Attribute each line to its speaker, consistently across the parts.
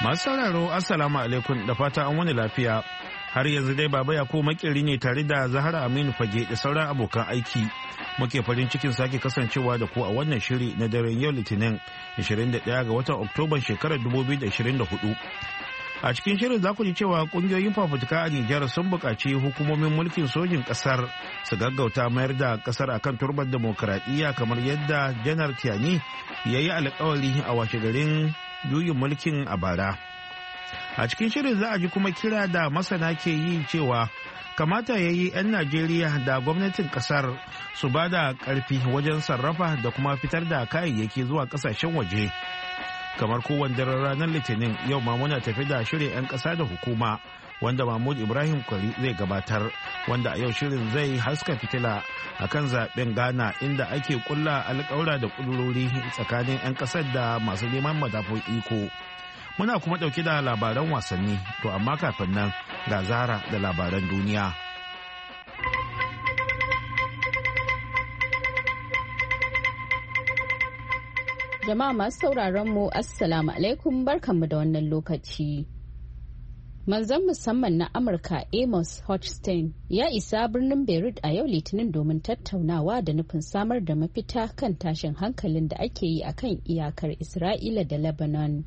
Speaker 1: Masu sauraro Assalamu alaikum da fata an wani lafiya. Har yanzu dai baba ya ko ne tare da Zahara Aminu Fage da sauran abokan aiki. Muke farin cikin sake kasancewa da ku a wannan shiri na daren yau Litinin 21 ga watan Oktoban shekarar 2024. A cikin shirin za ku ji cewa kungiyoyin fafutuka a Nijar sun buƙaci hukumomin mulkin sojin ƙasar su gaggauta mayar da ƙasar akan turbar demokuraɗiyya kamar yadda Janar Tiani ya yi alƙawari a washe garin juyin mulkin a bara. A cikin shirin za a ji kuma kira da masana ke yi cewa kamata ya yi 'yan Najeriya da gwamnatin kasar su ba da ƙarfi wajen sarrafa da kuma fitar da kayayyaki zuwa ƙasashen waje. Kamar kowanne ranar Litinin yau ma muna tafi da shirin 'yan ƙasa da hukuma wanda mahmud ibrahim kwari zai gabatar wanda a yau shirin zai haska fitila a kan zaɓen ghana inda ake kulla alƙawura da ƙudurori tsakanin 'yan ƙasar da masu neman madafun iko muna kuma ɗauke da labaran wasanni to amma kafin nan ga zara da labaran duniya
Speaker 2: jama'a masu sauraron mu assalamu alaikum barkanmu da wannan lokaci manzan musamman na amurka amos hochstein ya isa birnin beirut a yau litinin domin tattaunawa da nufin samar da mafita kan tashin hankalin da ake yi a kan iyakar isra'ila da lebanon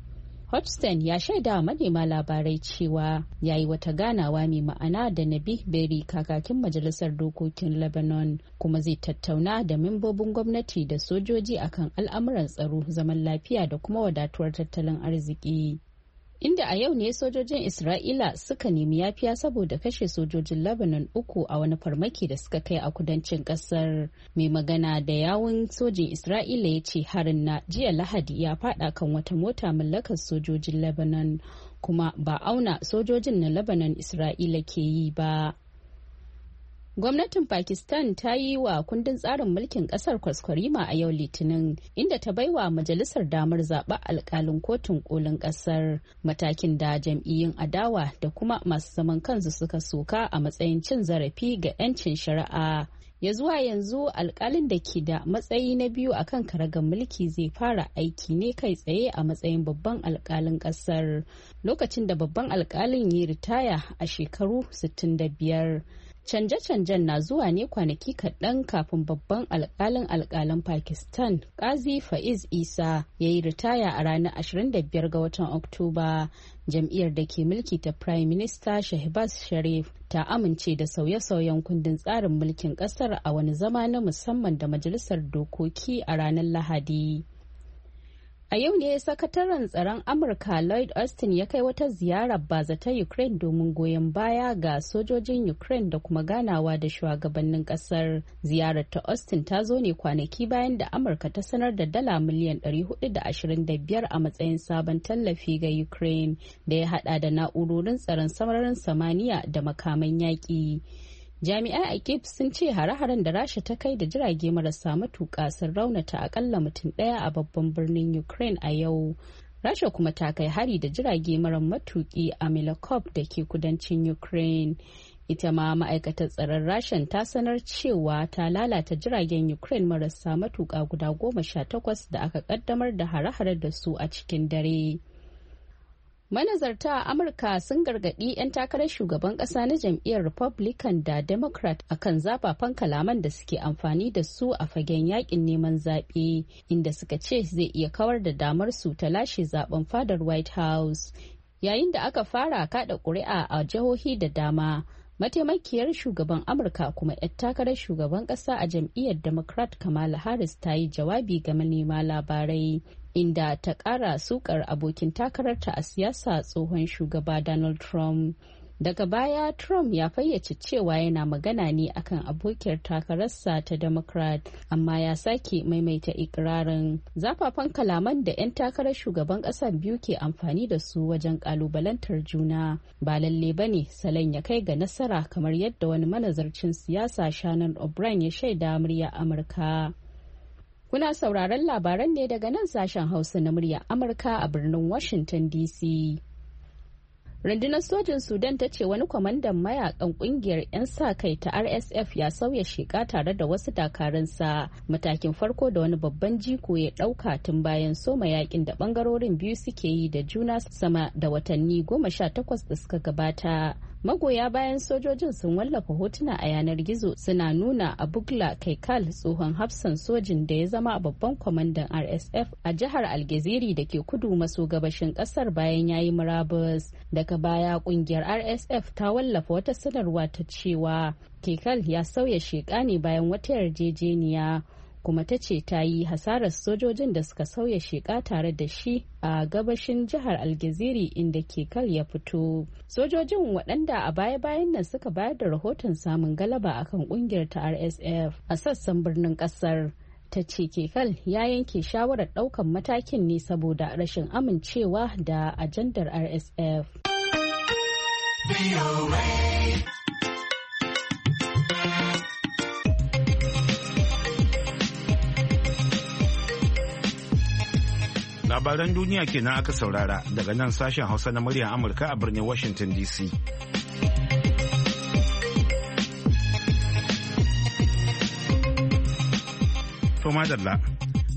Speaker 2: hochstein ya shaida wa manema labarai cewa ya yi wata ganawa mai ma'ana da nabi beri kakakin majalisar dokokin lebanon kuma zai tattauna da membobin gwamnati da sojoji akan al'amuran tsaro zaman lafiya da kuma wadatuwar tattalin arziki inda a yau ne sojojin Isra'ila suka nemi yafiya saboda kashe sojojin Lebanon uku a wani farmaki da suka kai a kudancin kasar. Mai magana da yawun sojin Isra'ila ya ce harin na jiya Lahadi ya fada kan wata mota mallakar sojojin Lebanon kuma ba auna sojojin na Lebanon Isra'ila ke yi ba. Gwamnatin Pakistan ta yi wa kundin tsarin mulkin kasar kwaskwarima a yau Litinin inda ta baiwa majalisar damar zaɓa alkalin kotun kolin kasar matakin da jam'iyyun adawa da kuma masu zaman kansu suka soka a matsayin cin zarafi ga 'yancin shari'a. Ya zuwa yanzu alkalin da ke da matsayi na biyu a kan karagar mulki zai fara aiki ne kai tsaye a matsayin babban alkalin kasar lokacin da babban alkalin ya ritaya a shekaru 65. Canje-canjen na zuwa ne kwanaki kaɗan kafin babban alƙalin-alƙalin Pakistan, ƙazi Faiz Isa, ya yi ritaya a ranar 25 ga watan Oktoba. Jam'iyyar da ke mulki ta Prime Minister Shehbaz Sharif ta amince da sauye-sauyen kundin tsarin mulkin ƙasar a wani zama na musamman da Majalisar Dokoki a ranar Lahadi. A yau ne sakataren tsaron Amurka Lloyd Austin ya kai wata ziyarar ta Ukraine domin goyon baya ga sojojin Ukraine da kuma ganawa da shugabannin kasar. Ziyarar ta Austin ta zo ne kwanaki bayan da Amurka ta sanar da dala miliyan 425 a matsayin sabon tallafi ga Ukraine da ya hada da na'urorin tsaron samarin samaniya da makaman yaƙi. jami'ai a kif sun ce hare-haren da rasha ta kai da jirage marasa matuƙa sun raunata akalla mutum ɗaya a babban birnin ukraine a yau rasha kuma ta kai hari da jirage mara matuƙi a milakov da ke kudancin ukraine ita ma ma'aikatar tsaron rashin ta sanar cewa ta lalata jiragen ukraine marasa matuƙa guda goma sha takwas da aka kaddamar da hare-hare da su a cikin dare manazarta a amurka sun gargaɗi 'yan takarar shugaban ƙasa na jam'iyyar republican da democrat akan zafafan kalaman da suke amfani da su a fagen yaƙin neman zaɓe inda suka ce zai iya kawar da damar su ta lashe zaben fadar white house yayin da aka fara kaɗa ƙuri'a a jihohi da dama mataimakiyar shugaban amurka kuma 'yar takarar shugaban kasa a jam'iyyar democrat kamala harris ta yi jawabi ga manema labarai inda ta kara sukar abokin takararta a siyasa tsohon shugaba donald trump daga baya trump ya fayyace cewa yana magana ne akan abokiyar takararsa ta democrat amma ya sake maimaita ikirarin zafafan kalaman da 'yan takarar shugaban ƙasar biyu ke amfani da su wajen kalubalantar juna ba lalle ba ne salon ya kai ga nasara kamar yadda wani manazarcin siyasa shannon o'brien ya shaida murya amurka Kuna sauraron labaran ne daga nan sashen Hausa na murya Amurka a birnin Washington DC. rundunar sojin sudan ta ce wani kwamandan mayakan kungiyar 'yan sa kai ta rsf ya sauya sheka tare da wasu dakaransa matakin farko da wani babban jiko ya dauka tun bayan soma yakin da bangarorin biyu suke yi da juna sama da watanni goma sha takwas da suka gabata magoya bayan sojojin sun wallafa hotuna a yanar gizo suna nuna a bugla kaikal tsohon hafsan sojin da ya zama a babban kwamandan rsf a jihar algeziri da ke kudu maso gabashin kasar bayan yayi murabus daga baya kungiyar rsf ta wallafa wata sanarwa ta cewa kekal ya sauya sheka ne bayan wata yarjejeniya kuma ta ce ta yi hasarar sojojin da suka sauya sheƙa tare da shi a gabashin jihar algeziri inda kekal ya fito sojojin waɗanda a baya-bayan nan suka bayar da rahoton samun galaba akan ƙungiyar ta rsf a sassan birnin ƙasar ta ce kekal ya yanke shawarar ɗaukan matakin ne saboda rashin amincewa da ajandar rsf
Speaker 1: labaran duniya kenan aka saurara daga nan sashen hausa na muryar amurka a birnin washington dc to madalla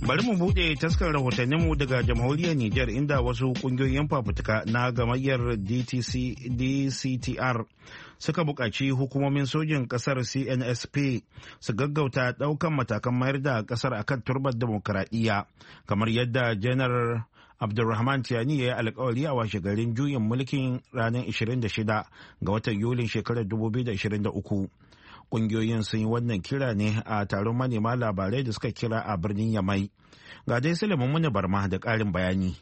Speaker 1: Bari mu buɗe taskar rahotanninmu daga jamhuriyar Nijar inda wasu kungiyoyin fafutuka na gamayyar DTC DCTR suka bukaci hukumomin sojin ƙasar CNSP su gaggauta ɗaukan matakan mayar da ƙasar akan turbar demokaradiyya kamar yadda janar Abdulrahman Tiani ya yi alkawari a washe garin juyin mulkin ranar 26 ga watan Yulin shekarar 2023. Ƙungiyoyin sun yi wannan kira ne a taron manema labarai da suka kira a birnin Yamai. Ga dai Suleiman Muni Barma da ƙarin bayani.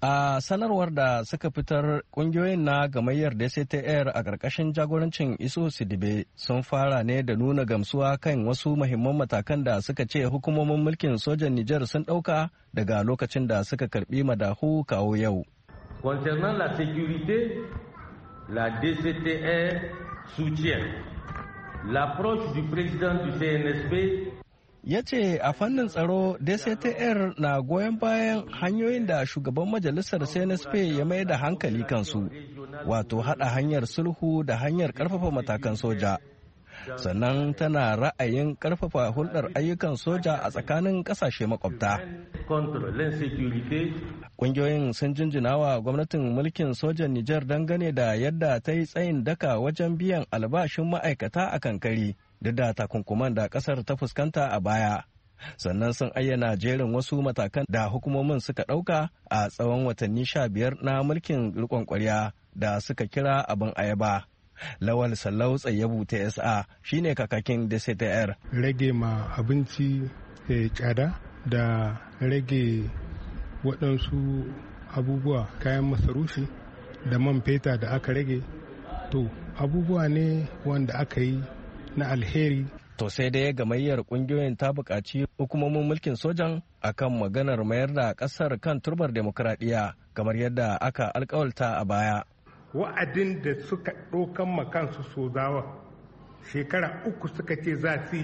Speaker 1: A sanarwar da
Speaker 3: suka fitar kungiyoyin na gamayyar DCTR a ƙarƙashin jagorancin Iso Sidibe sun fara ne da nuna gamsuwa kan wasu mahimman matakan da suka ce hukumomin mulkin sojan Nijar sun ɗauka daga lokacin da suka karɓi madahu kawo yau.
Speaker 4: Concernant la sécurité, la DCTR soutient L'approche du président du CNSP
Speaker 3: ya ce a fannin tsaro dctr na goyon bayan hanyoyin da shugaban majalisar cnsp ya mai da hankali kansu wato hada hanyar sulhu da hanyar karfafa matakan soja sannan tana ra'ayin karfafa hulɗar ayyukan soja a tsakanin ƙasashe makwabta. Ƙungiyoyin sun jinjina wa gwamnatin mulkin sojan Nijar dangane da yadda ta yi tsayin daka wajen biyan albashin ma'aikata a kankari duk da takunkuman da ƙasar ta fuskanta a baya. sannan sun ayyana jerin wasu matakan da hukumomin suka ɗauka a tsawon watanni sha biyar na mulkin rikon kwarya da suka kira abin ayaba Lawal Sallau S.A. sa shine kakakin DCTR.
Speaker 5: Rage ma abinci eh, tsada da rage waɗansu abubuwa kayan masarufi da man feta da aka rage to abubuwa ne wanda aka yi na alheri
Speaker 3: to sai dai gamayyar kungiyoyin ta buƙaci hukumomin mulkin sojan akan maganar mayar da ƙasar kan turbar demokradiyya kamar yadda aka
Speaker 5: alkawalta a baya wa'adin da suka ɗaukan makansu sozawa shekara uku suka ce za su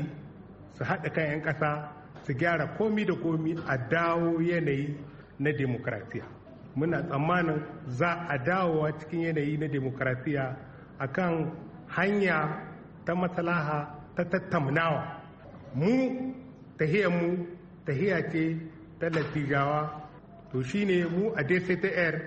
Speaker 5: su haɗa kan 'yan ƙasa su gyara komi da komi a dawo yanayi na demokratiya muna tsammanin za a dawowa cikin yanayi na a kan hanya ta matsalaha ta tattaunawa mu mu tahiya ce ta latijawa to shine mu a dctr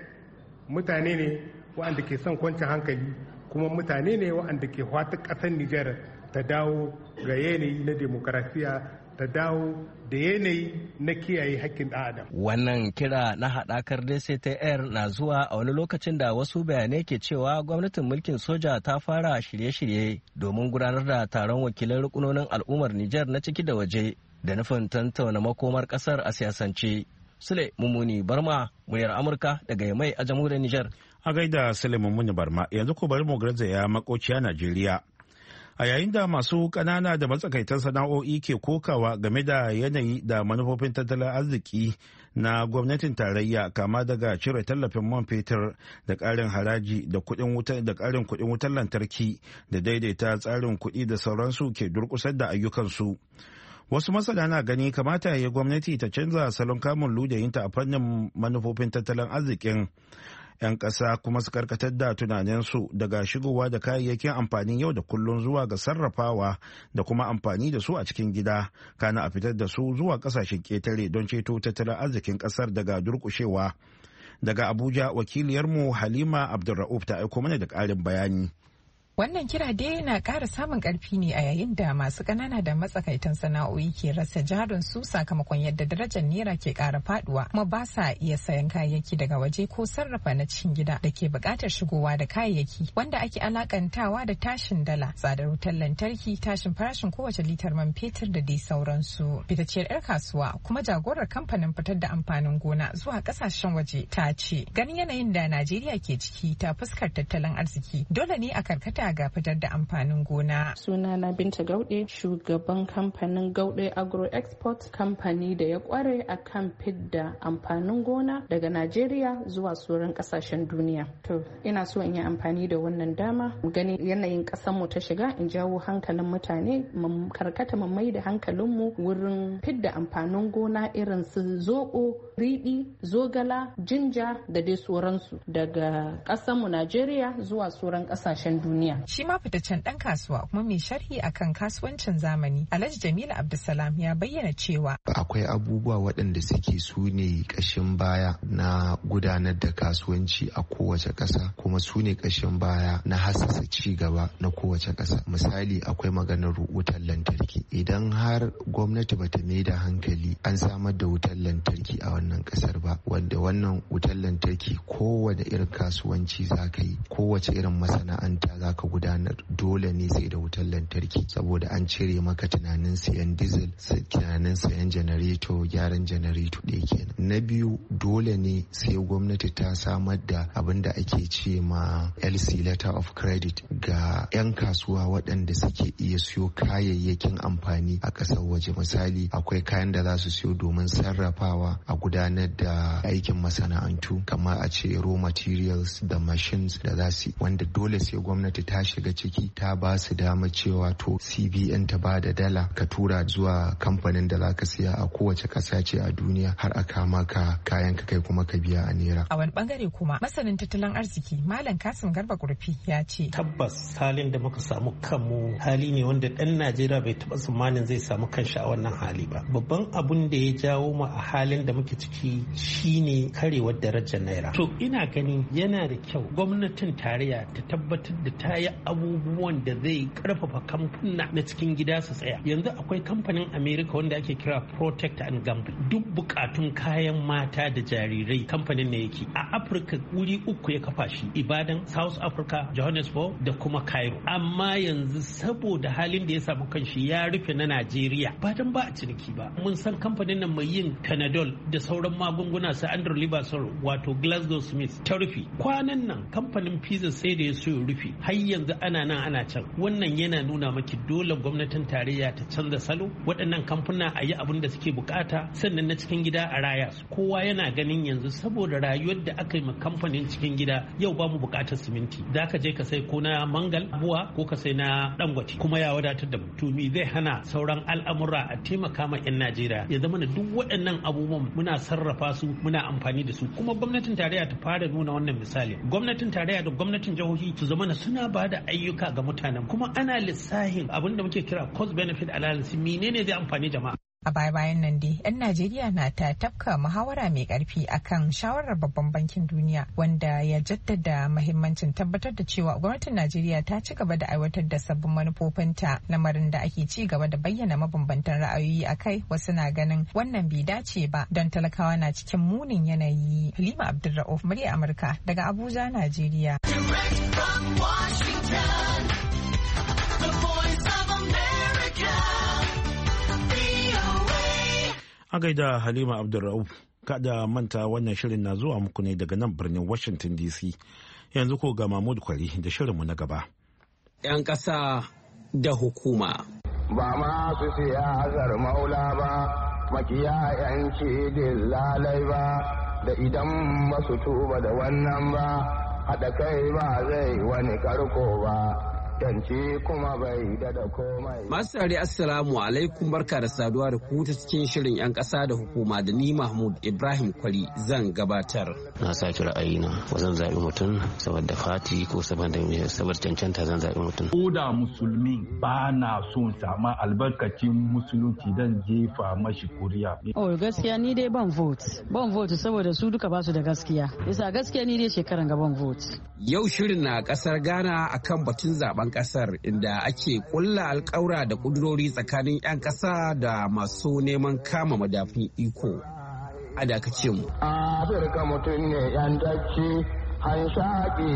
Speaker 5: mutane ne waɗanda ke son kwanci hankali kuma mutane ne wa'anda ke hwata ƙasar nijar ta dawo ga yanayi na demokarasiya ta dawo da yanayi na kiyaye haƙƙin ɗan adam.
Speaker 3: Wannan kira na haɗakar DCTR na zuwa a wani lokacin da wasu bayanai ke cewa gwamnatin mulkin soja ta fara shirye-shirye domin gudanar da taron wakilan rukunonin al'ummar Nijar na ciki da waje da nufin tantauna makomar ƙasar a siyasance. Sule Mummuni Barma, muryar Amurka daga Yamai a jamhuriyar Nijar.
Speaker 1: a gaida Suleiman Muni Barma yanzu ku bari mu garzaya makociya Najeriya. A yayin da masu ƙanana da matsakaitan sana'o'i ke kokawa game da yanayi da manufofin tattalin arziki na gwamnatin tarayya kama daga cire tallafin man fetur da ƙarin haraji da ƙarin kuɗin wutar lantarki da daidaita tsarin kuɗi da sauransu ke durƙusar da ayyukansu. wasu masana na gani kamata ya gwamnati ta canza salon kamun ludayinta a fannin manufofin tattalin arzikin 'yan ƙasa kuma su karkatar da tunaninsu daga shigowa da kayayyakin amfanin yau da kullum zuwa ga sarrafawa da kuma amfani da su a cikin gida kana a fitar da su zuwa ƙasashen ƙetare don ceto tattalin arzikin ƙasar daga durƙushewa daga abuja wakiliyarmu halima abdulra'uf ta aiko mana da ƙarin bayani
Speaker 6: Wannan kira dai na ƙara samun ƙarfi ne a yayin da masu ƙanana da matsakaitan sana'o'i ke rasa jarin su sakamakon yadda darajar naira ke ƙara faduwa kuma ba sa iya sayan kayayyaki daga waje ko sarrafa na cikin gida da ke buƙatar shigowa da kayayyaki wanda ake alakantawa da tashin dala tsadar wutar lantarki tashin farashin kowace litar man fetur da dai sauransu. Fitacciyar 'yar kasuwa kuma jagorar kamfanin fitar da amfanin gona zuwa ƙasashen waje ta ce ganin yanayin da Najeriya ke ciki ta fuskar tattalin arziki dole ne a karkata Ana ga fitar da amfanin gona.
Speaker 2: Suna na Binta Gauɗe, shugaban kamfanin Gauɗe Agro Export, kamfani da ya kware a kan fidda amfanin gona daga Najeriya zuwa sauran ƙasashen duniya. To, ina so in yi amfani da wannan dama, gani yanayin mu ta shiga in jawo hankalin mutane, karkata mu mai da hankalinmu wurin fidda amfanin gona irin su zoɓo riɗi zogala jinja da dai sauransu
Speaker 6: daga ƙasanmu najeriya zuwa sauran ƙasashen duniya shi ma fitaccen ɗan kasuwa kuma mai sharhi akan kasuwancin zamani alhaji jamilu abdulsalam ya bayyana cewa
Speaker 7: akwai abubuwa waɗanda suke su ne ƙashin baya na gudanar da kasuwanci a kowace ƙasa kuma su ne ƙashin baya na hasasa ci gaba na kowace ƙasa misali akwai maganar wutar lantarki idan har gwamnati bata mai da hankali an samar da wutar lantarki a wani wannan kasar ba wanda wannan wutar lantarki kowane irin kasuwanci za ka yi kowace irin masana'anta za ka gudanar dole ne sai da wutar lantarki saboda an cire maka tunanin sayan diesel tunanin sayan janareto gyaran janareto ɗaya kenan na biyu dole ne sai gwamnati ta samar da abin da ake ce ma lc letter of credit ga 'yan kasuwa waɗanda suke iya siyo kayayyakin amfani a ƙasar waje misali akwai kayan da za su siyo domin sarrafawa a gudanar da aikin masana'antu kamar a ce raw materials da machines da za su wanda dole sai gwamnati ta shiga ciki ta ba su dama cewa to cbn ta ba da dala ka tura zuwa kamfanin da za ka siya a kowace ƙasa ce a duniya har a kama maka kayan ka kai kuma ka biya a naira.
Speaker 6: A wani bangare kuma masanin tattalin arziki Malam Kasim Garba Gurfi ya ce.
Speaker 7: Tabbas halin da muka samu kanmu hali
Speaker 4: ne wanda ɗan Najeriya bai taɓa tsammanin zai samu kanshi a wannan hali ba. Babban abun da ya jawo mu a halin da muke ciki shine karewar darajar naira. To ina gani yana da kyau gwamnatin tarayya ta tabbatar da ta yi abubuwan da zai karfafa kamfuna na cikin gida su tsaya. Yanzu akwai kamfanin America wanda ake kira Protect and Gamble. Duk bukatun kaya kayan mata da jarirai kamfanin ne yake a afirka wuri uku ya kafa shi ibadan south africa johannesburg da kuma cairo amma yanzu saboda halin da ya samu kanshi ya rufe na najeriya ba dan ba a ciniki ba mun san kamfanin nan mai yin canadol da sauran magunguna su andrew libassol wato glasgow smith ta rufe kwanan nan kamfanin pizza sai da ya so ya rufe har yanzu ana nan ana can wannan yana nuna maki dole gwamnatin tarayya ta canza salo waɗannan kamfuna a yi abin da suke bukata sannan na cikin gida a raya kowa yana ganin yanzu saboda rayuwar da aka yi ma kamfanin cikin gida yau ba mu bukatar siminti za ka je ka sai ko na mangal buwa ko ka sai na ɗangwati. kuma ya wadatar da to me zai hana sauran al'amura a taimaka ma 'yan najeriya ya zama da duk waɗannan abubuwan muna sarrafa su muna amfani da su kuma gwamnatin tarayya ta fara nuna wannan misali gwamnatin tarayya da gwamnatin jihohi su zama na suna ba da ayyuka ga mutanen kuma ana lissahin abin da muke kira cost benefit analysis menene zai amfani jama'a
Speaker 6: a baya-bayan nan dai 'yan najeriya na ta tafka muhawara mai karfi akan shawarar babban bankin duniya wanda ya jaddada mahimmancin tabbatar da cewa gwamnatin najeriya ta ci gaba da aiwatar da sabbin manufofinta lamarin da ake ci gaba da bayyana mabambantan ra'ayoyi a kai wasu na ganin wannan bai dace ba don talakawa na cikin munin yanayi halima abdulra'uf murya amurka daga abuja najeriya
Speaker 1: A gaida Halima Abdulra'uf kada manta wannan shirin na zuwa muku ne daga nan birnin Washington DC. Yanzu ko ga Mahmud Kwari da shirinmu na gaba.
Speaker 8: 'Yan
Speaker 9: ƙasa
Speaker 1: da hukuma.
Speaker 9: Ba ma su siyasar maula ba, makiya 'yanci lalai ba, da idan ba su tuba da wannan ba, haɗa kai ba zai wani karko ba. tantance kuma bai da da komai.
Speaker 8: Masu tare assalamu alaikum barka da saduwa da kuta cikin shirin 'yan ƙasa da hukuma da ni Mahmud Ibrahim Kwari zan gabatar.
Speaker 4: Na sake ra'ayina ba zan zaɓi mutum saboda fati ko saboda saboda cancanta zan zaɓi mutum.
Speaker 8: Ko da musulmi ba na son sama albarkacin musulunci dan jefa mashi kuriya.
Speaker 2: Oh gaskiya ni dai ban vote ban vote saboda su duka ba su da gaskiya. Isa gaskiya ni dai shekaran gaban vote.
Speaker 8: Yau shirin na ƙasar Ghana akan batun zaɓen zaben kasar inda ake kulla alkaura da kudurori tsakanin 'yan kasa da masu neman kama madafin iko a dakace mu
Speaker 9: afirka mutum ne yantacci hanshaƙi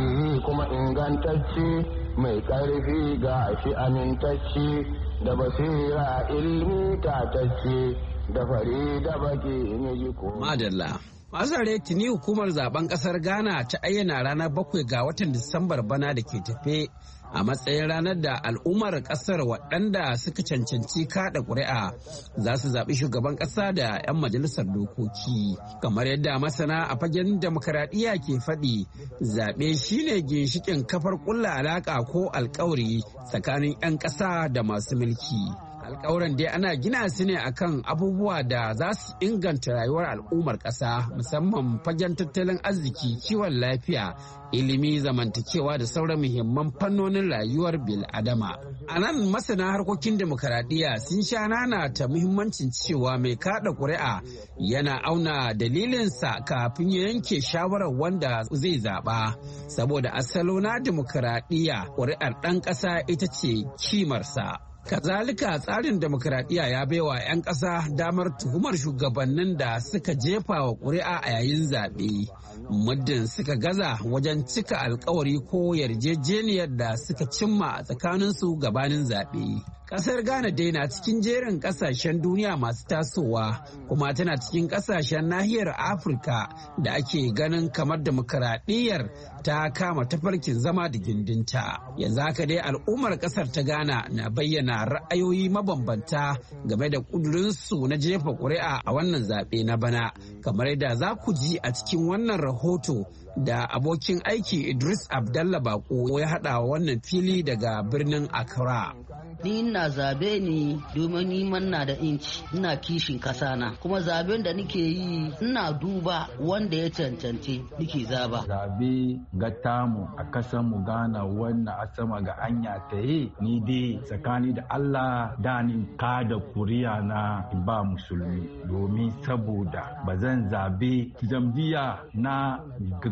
Speaker 9: kuma ingantacci mai karfi ga shi amintacci da basira ilmi tatacci da fari da baki ne ko
Speaker 8: madalla Masu tuni hukumar zaben kasar Ghana ta ayyana ranar bakwai ga watan Disambar bana da ke tafe a matsayin ranar da al'ummar kasar waɗanda suka cancanci kaɗa ƙuri'a za su zaɓi shugaban ƙasa da 'yan majalisar dokoki kamar yadda masana a fagen demokaradiyya ke faɗi zaɓe shi ne ginshikin kafar ƙulla alaƙa ko alƙawari tsakanin 'yan ƙasa da masu mulki. alkawuran dai ana gina su ne akan abubuwa da za su inganta rayuwar al'ummar ƙasa musamman fagen tattalin arziki kiwon lafiya ilimi zamantakewa da sauran muhimman fannonin rayuwar bil'adama a nan masana harkokin demokaradiyya sun sha nana ta muhimmancin cewa mai kada ƙuri'a yana auna dalilinsa kafin ya yanke shawarar wanda zai zaɓa saboda asalo na demokaradiyya ƙuri'ar ɗan ƙasa ita ce kimarsa Kazalika tsarin demokuraɗiyya ya baiwa 'yan ƙasa damar tuhumar shugabannin da suka jefa wa ƙuri'a a yayin zaɓe, muddin suka gaza wajen cika alkawari ko yarjejeniyar da suka cimma a tsakaninsu gabanin zaɓe. Kasar Ghana dai na cikin jerin kasashen duniya masu tasowa kuma tana cikin kasashen nahiyar Afirka da ake ganin kamar demokaradiyyar ta kama tafarkin zama da gindinta. Yanzu haka dai al'ummar kasar ta Ghana na bayyana ra'ayoyi mabambanta game da ƙudurinsu na jefa ƙuri'a a wannan zaɓe na bana kamar yadda za ku ji a cikin wannan rahoto da abokin aiki Idris Abdallah Bako ya haɗa wannan fili daga birnin Accra.
Speaker 2: ni na zabe ni domin ni na da inci ina kishin kasa na kuma zaben da nike yi ina duba wanda ya cancance nike zaba zabe
Speaker 8: ga tamu a kasan mu gana wannan asama ga anya ta yi ni dai tsakani da Allah danin ka da kuriya na ba musulmi domin saboda ba zan zabe jamdiya na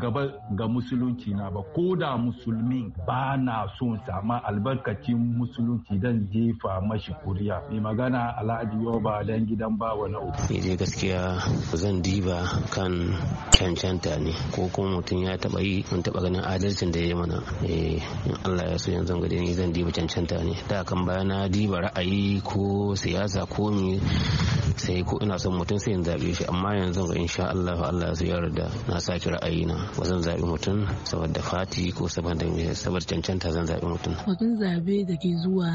Speaker 8: gaba ga musulunci na ba ko da musulmin ba na son sama albarkacin musulunci dan jefa mashi kuriya mai magana alhaji yoba dan gidan bawa na uku ni dai gaskiya
Speaker 4: zan diba kan cancanta ne ko kuma mutum ya taba yi mun taba ganin adalcin da ya yi mana eh in Allah ya so yanzu ga ni zan diba cancanta ne da kan na diba ra'ayi ko siyasa ko ni sai ko ina son mutum sai in zabe shi amma yanzu ga insha Allah Allah ya yarda na saki ra'ayina ba zan zabi mutum saboda fati ko saboda saboda cancanta zan zabi mutum
Speaker 6: mutum zabe da ke zuwa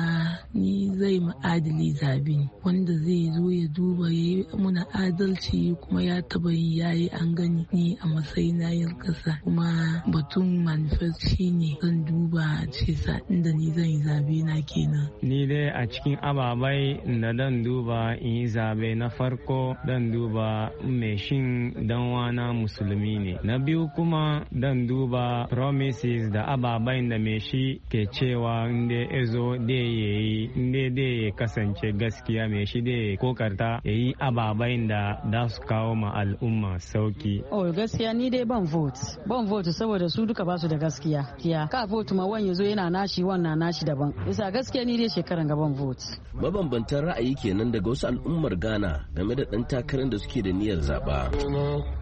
Speaker 7: ni zai ma'adili zabi wanda zai zo ya duba ya yi muna adalci kuma ya taba yi ya yi an gani ni a matsayin yin kasa kuma batun manifest shi ne zan duba ce inda da ni zan yi zabe na kenan.
Speaker 5: Ni dai a cikin ababai da dan duba in yi zabe na farko dan duba meshin dan wana musulmi ne. Na biyu kuma dan duba promises da ababai da meshi ke cewa inda ya zo da ya yi inda ya kasance gaskiya mai shi ya kokarta ya yi ababain da za su kawo ma al'umma sauki.
Speaker 2: Oh gaskiya ni dai ban vote ban vote saboda su duka basu da gaskiya kiya ka vote ma wani zo yana nashi wannan nashi daban isa gaskiya ni dai shekaran gaban vote.
Speaker 3: Mabambantan ra'ayi kenan daga wasu al'ummar Ghana game da ɗan takarar da suke da niyyar zaɓa.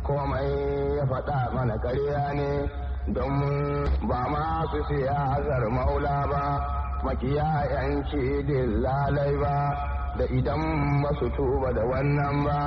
Speaker 9: Komai ya faɗa mana ƙarya ne don ba ma su azar maula ba makiya yanci dillalai ba da idan masu tuba da wannan ba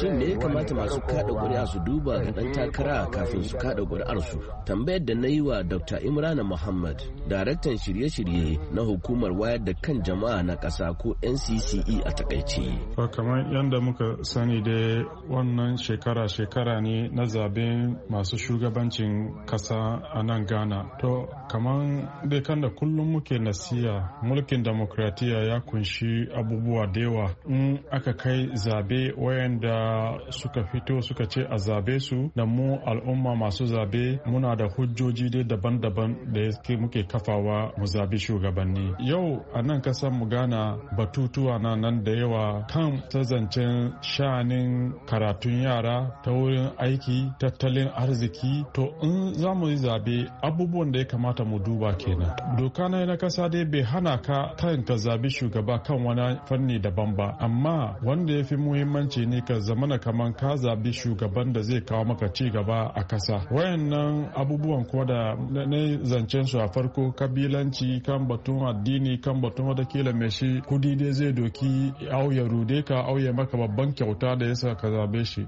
Speaker 9: Shin ne ya kamata masu kada ƙuri'a
Speaker 3: su duba ga ɗan takara kafin su kada su Tambayar da na yi wa Dr. Imrana Muhammad, daraktan shirye-shirye na hukumar wayar da kan jama'a na ƙasa ko NCCE a takaice.
Speaker 10: Kamar yadda muka sani da wannan shekara-shekara ne na zaben masu shugabancin ƙasa a nan Ghana. To, kamar dai kan da kullum muke nasiya mulkin demokratiya ya kunshi abubuwa da yawa in aka kai zabe zabe wayanda suka fito suka ce a zabe su da mu al'umma masu zabe muna da hujjoji dai daban-daban da yake muke kafawa mu zabe shugabanni yau a nan kasan mu gana batutuwa na nan da yawa kan ta zancen shanin karatun yara ta wurin aiki tattalin arziki to in za mu yi zabe abubuwan da ya kamata mu duba kenan doka na na kasa dai bai hana ka kan ka zabi shugaba kan wani fanni daban ba amma wanda ya fi mu muhimmanci ne ka zamana kaman ka zabi shugaban da zai kawo maka ci gaba a kasa wayannan abubuwan kuma da na zancen su a farko kabilanci kan batun addini kan batun kila mai shi kudi dai zai doki auya rude ka auya maka babban kyauta da yasa ka zabe shi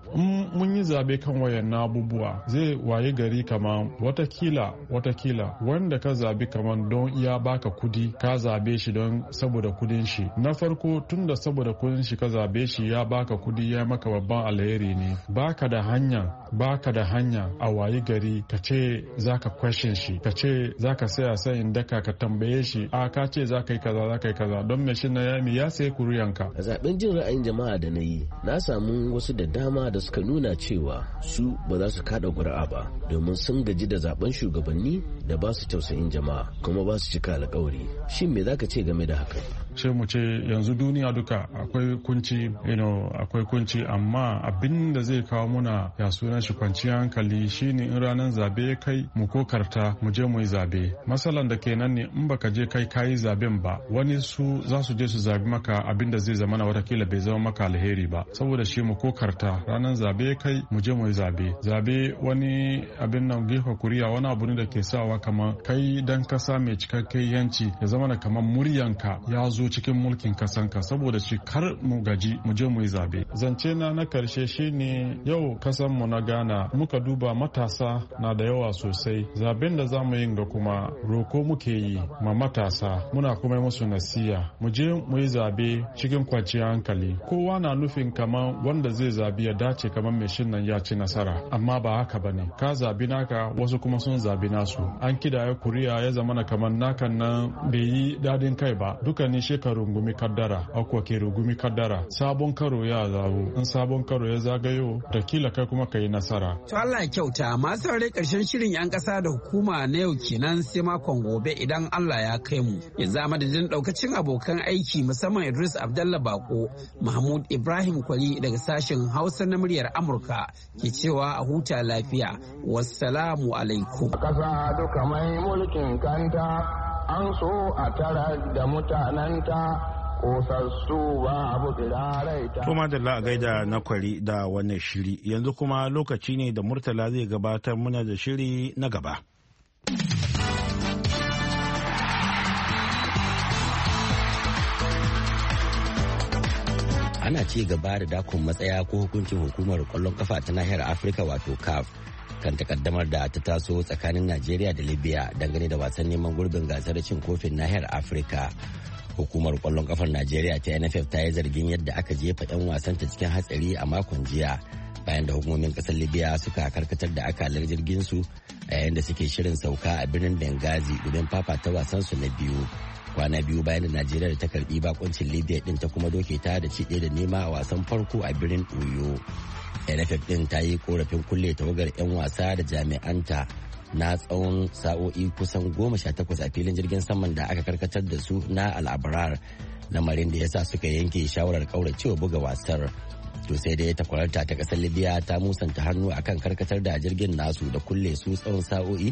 Speaker 10: mun yi zabe kan wayannan abubuwa zai waye gari kila watakila watakila wanda ka zabi kamar don iya baka kudi ka zabe shi don saboda kudin shi na farko tunda saboda kudin shi ka zabe shi ya baka kudi ya maka babban alheri ne baka da hanya baka da hanya a wayi gari ka ce zaka kwashin shi ka ce zaka saya sayin daka ka tambaye shi a ka ce zaka yi kaza zaka yi kaza don mai na yami ya sayi kuriyanka
Speaker 3: a zaben jin ra'ayin jama'a da na yi na samu wasu da dama da suka nuna cewa su ba za su kada kuri'a ba domin sun gaji da zaben shugabanni da ba su tausayin jama'a kuma ba su cika alkawari shin me zaka ce game da haka
Speaker 10: sai mu ce yanzu duniya duka akwai kunci akwai kunci amma abin da zai kawo muna ya sunan shi kwanciyar hankali shine in ranar zabe kai mu kokarta mu je mu yi zabe masalan da kenan ne in baka je kai kayi zaben ba wani su za su je su zabi maka abin da zai zama na watakila bai zama maka alheri ba saboda shi mu kokarta ranar zabe kai mu je mu yi zabe zabe wani abin nan gefe kuriya wani abu ne da ke sawa kamar kai dan kasa mai cikakken yanci ya zama na kamar muryanka ya zo su cikin mulkin kasanka saboda shi kar mu gaji mu je mu yi zabe zance na na karshe shine yau kasan mu na Ghana muka duba matasa na da yawa sosai zaben da zamu yin ga kuma roko muke yi ma matasa muna kuma musu nasiya mu je mu yi zabe cikin kwanciyar hankali kowa na nufin kaman wanda zai zabi ya dace kamar mai shin nan ya ci nasara amma ba haka bane ka zabi naka wasu kuma sun zabi nasu an kidaya kuriya ya zamana kaman nakan nan bai yi dadin kai ba duka ni shi sai ka rungumi kaddara akwa ke rungumi kaddara sabon karo ya zawo in sabon karo ya zagayo da kila kai kuma ka yi nasara.
Speaker 8: To Allah ya kyauta masu rarrai karshen shirin 'yan ƙasa da hukuma na yau kenan sai makon gobe idan Allah ya kai mu. Ya zama da jin ɗaukacin abokan aiki musamman Idris Abdallah Bako Mahmud Ibrahim Kwari daga sashen Hausa na muryar Amurka ke cewa a huta lafiya. Wassalamu alaikum.
Speaker 9: Ƙasa duka mai mulkin kanta an so a tara da mutanenta kosassu ba abu tsirarai kuma
Speaker 1: da la'agaida na kwari da wannan shiri yanzu kuma lokaci ne da Murtala zai gabatar muna da shiri na gaba.
Speaker 11: ana ci gaba da dakon matsaya ko hukuncin hukumar kwallon kafa ta nahiyar afirka wato caf kan takaddamar da ta taso tsakanin najeriya da libya dangane da wasan neman gurbin gasar cin kofin nahiyar afirka hukumar kwallon kafar najeriya ta nff ta yi zargin yadda aka jefa 'yan wasan ta cikin hatsari a makon jiya bayan da hukumomin kasar libya suka karkatar da aka akalar jirgin su a yayin da suke shirin sauka a birnin benghazi domin fafata wasan su na biyu kwana biyu bayan da najeriya ta karbi bakuncin libya din ta kuma doke ta da ci da nema a wasan farko a birnin oyo nff din ta yi korafin kulle tawagar 'yan wasa da jami'anta na tsawon sa'o'i kusan goma sha takwas a filin jirgin saman da aka karkatar da su na al'abrar lamarin da ya sa suka yanke shawarar kauracewa buga wasar to sai dai takwararta ta kasar libya ta musanta hannu akan karkatar da jirgin nasu da kulle su tsawon sa'o'i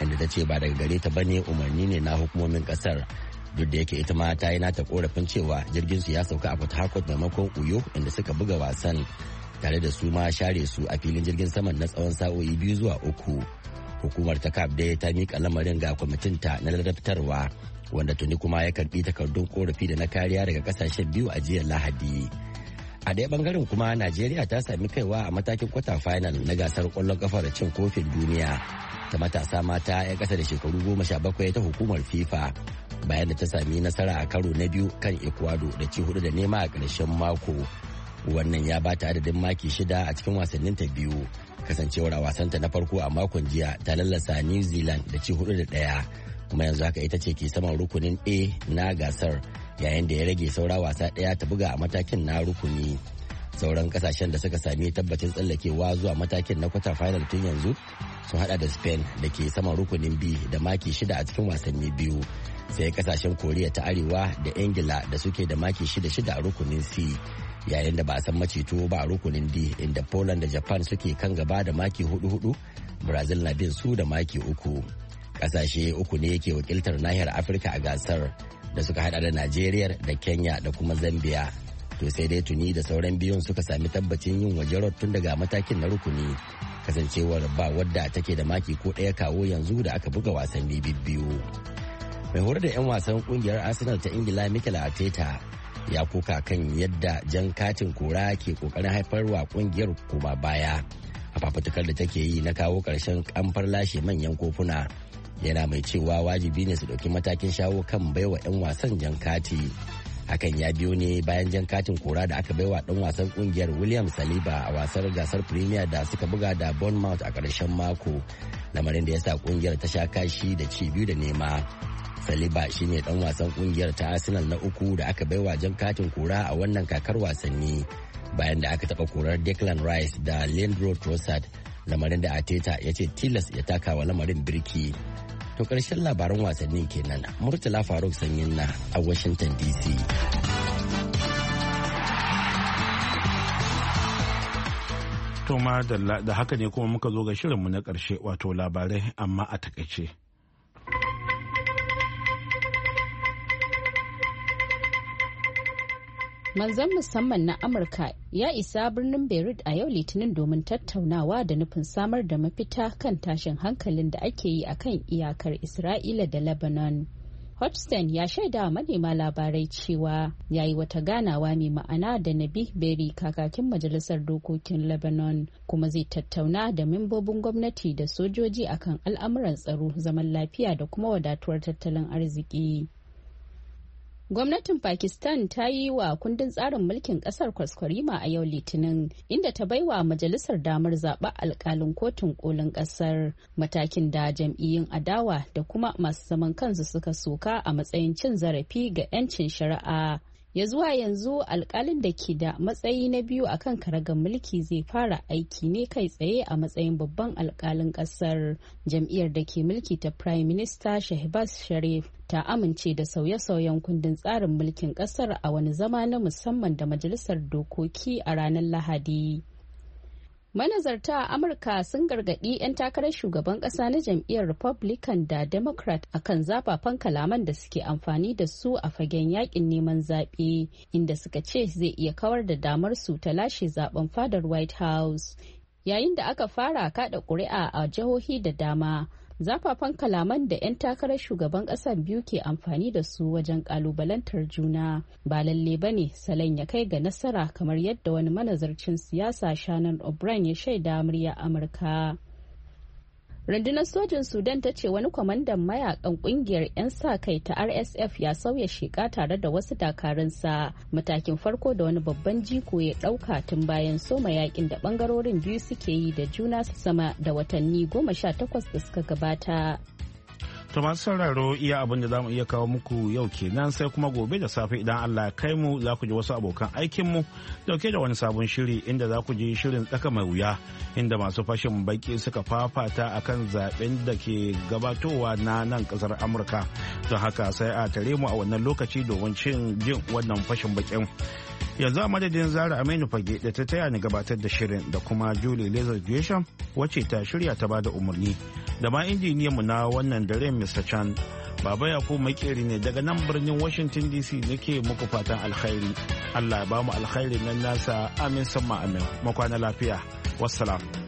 Speaker 11: inda ta ce ba daga gare ta bane umarni ne na hukumomin kasar duk da yake ita ma ta yi nata korafin cewa jirgin su ya sauka a Port Harcourt maimakon Uyo inda suka buga wasan tare da su ma share su a filin jirgin saman na tsawon sa'o'i biyu zuwa uku. Hukumar ta cap dai ta mika lamarin ga kwamitin ta na ladabtarwa wanda tuni kuma ya karbi takardun korafi da na kariya daga kasashen biyu a jiya Lahadi. a daya bangaren kuma najeriya ta sami kaiwa a matakin kwata final na gasar kwallon kafa da cin kofin duniya ta matasa mata 'yan kasa da shekaru goma sha bakwai ta hukumar fifa bayan da ta sami nasara a karo na biyu kan ecuador da ci hudu da nema a karshen mako wannan ya bata adadin maki shida a cikin wasannin ta biyu kasancewar a wasanta na farko a makon jiya ta lallasa new zealand da ci hudu da daya kuma yanzu haka ita ce ke saman rukunin a na gasar yayin da ya rage saura wasa daya ta buga a matakin na rukuni sauran kasashen da suka sami tabbacin tsallakewa zuwa matakin na kwata final tun yanzu sun hada da spain da ke saman rukunin b da maki shida a cikin wasanni biyu sai kasashen koriya ta arewa da ingila da suke da maki shida shida a rukunin c yayin da ba a san maceto ba a rukunin d inda poland da japan suke kan gaba da maki hudu hudu brazil na bin su da maki uku kasashe uku ne ke wakiltar nahiyar afirka a gasar da suka hada da najeriya da kenya da kuma zambia to sai dai tuni da sauran biyun suka sami tabbacin yin waje tun daga matakin na rukuni kasancewar ba wadda take da maki ko ɗaya kawo yanzu da aka buga wasanni biyu mai horar da 'yan wasan kungiyar arsenal ta ingila michael arteta ya kuka kan yadda jan katin kora ke kokarin haifarwa kungiyar koma baya a fafutukar da take yi na kawo karshen kamfar lashe manyan kofuna yana mai cewa wajibi ne su ɗauki matakin shawo kan baiwa 'yan wasan jan kati. hakan ya biyo ne bayan jan katin kora da aka baiwa dan wasan kungiyar william saliba a wasan gasar premier da suka buga da bournemouth a karshen mako lamarin da ya sa kungiyar ta sha kashi da ci biyu da nema saliba shine dan wasan kungiyar ta arsenal na uku da aka baiwa jan katin kora a wannan kakar wasanni bayan da aka taɓa korar declan rice da leandro trossard lamarin da ateta ya ce tilas ya taka wa lamarin birki To karshen labaran wasannin kenan Murtala Faruk Sanyin na a Washington DC.
Speaker 1: To ma da haka ne kuma muka zo ga shirinmu na ƙarshe wato labarai amma a takaice.
Speaker 2: manzon musamman na amurka ya isa birnin beirut a yau litinin domin tattaunawa da nufin samar da mafita kan tashin hankalin da ake yi a kan iyakar isra'ila da lebanon hodgson ya shaida wa manema labarai cewa ya yi wata ganawa mai ma'ana da nabi beri kakakin majalisar dokokin lebanon kuma zai tattauna da membobin gwamnati da sojoji akan al'amuran tsaro zaman lafiya da kuma wadatuwar tattalin arziki Gwamnatin Pakistan ta yi wa kundin tsarin mulkin kasar kwaskwarima a yau Litinin inda ta bai wa majalisar damar zaɓa alkalin kotun kolin kasar matakin da jam'iyyun adawa da kuma masu zaman kansu suka soka a matsayin cin zarafi ga 'yancin shari'a. ya zuwa yanzu alkalin da ke da matsayi na biyu a kan karagar mulki zai fara aiki ne kai tsaye a matsayin babban alkalin kasar jam'iyyar da ke mulki ta prime minister shahbaz sharif ta amince da sauye-sauyen kundin tsarin mulkin kasar a wani zama na musamman da majalisar dokoki a ranar lahadi Manazarta a Amurka sun gargaɗi 'yan takarar shugaban ƙasa na jam'iyyar Republican da Democrat akan zafafan kalaman da suke amfani da su a fagen yakin neman zaɓe, inda suka ce zai iya kawar da damar su ta lashe zaben fadar White House. Yayin da aka fara kaɗa ƙuri'a a jihohi da dama, zafafan kalaman da 'yan takarar shugaban ƙasar biyu ke amfani da su wajen kalubalantar juna ba lalle ba ne salon ya kai ga nasara kamar yadda wani manazarcin siyasa shannon o'brien ya shaida murya amurka rundunar sojin sudan ta ce wani kwamandan mayakan kungiyar 'yan sa kai ta rsf ya sauya sheka tare da wasu dakarunsa matakin farko da wani babban jiko ya dauka tun bayan soma yakin da bangarorin biyu suke yi da juna sama da watanni goma sha takwas da suka gabata
Speaker 1: To masu sauraro iya abin da zamu iya kawo muku yau kenan sai kuma gobe da safe idan Allah ya kai mu za ku ji wasu abokan aikin mu dauke da wani sabon shiri inda za ku ji shirin tsaka mai wuya inda masu fashin baki suka fafata akan zaben da ke gabatowa na nan kasar Amurka. Don haka sai a tare mu a wannan lokaci domin cin jin wannan fashin bakin. yanzu a madadin zara aminu fage da ta taya ni gabatar da shirin da kuma julie laser gresham wacce ta shirya ta bada umarni da ma injiniyanmu na wannan dare mr chan baba yakubu makeri ne daga nan birnin washington dc nake muku fatan alkhairi allah ya bamu alkhairi nan nasa amin sama amin makwana lafiya wassalam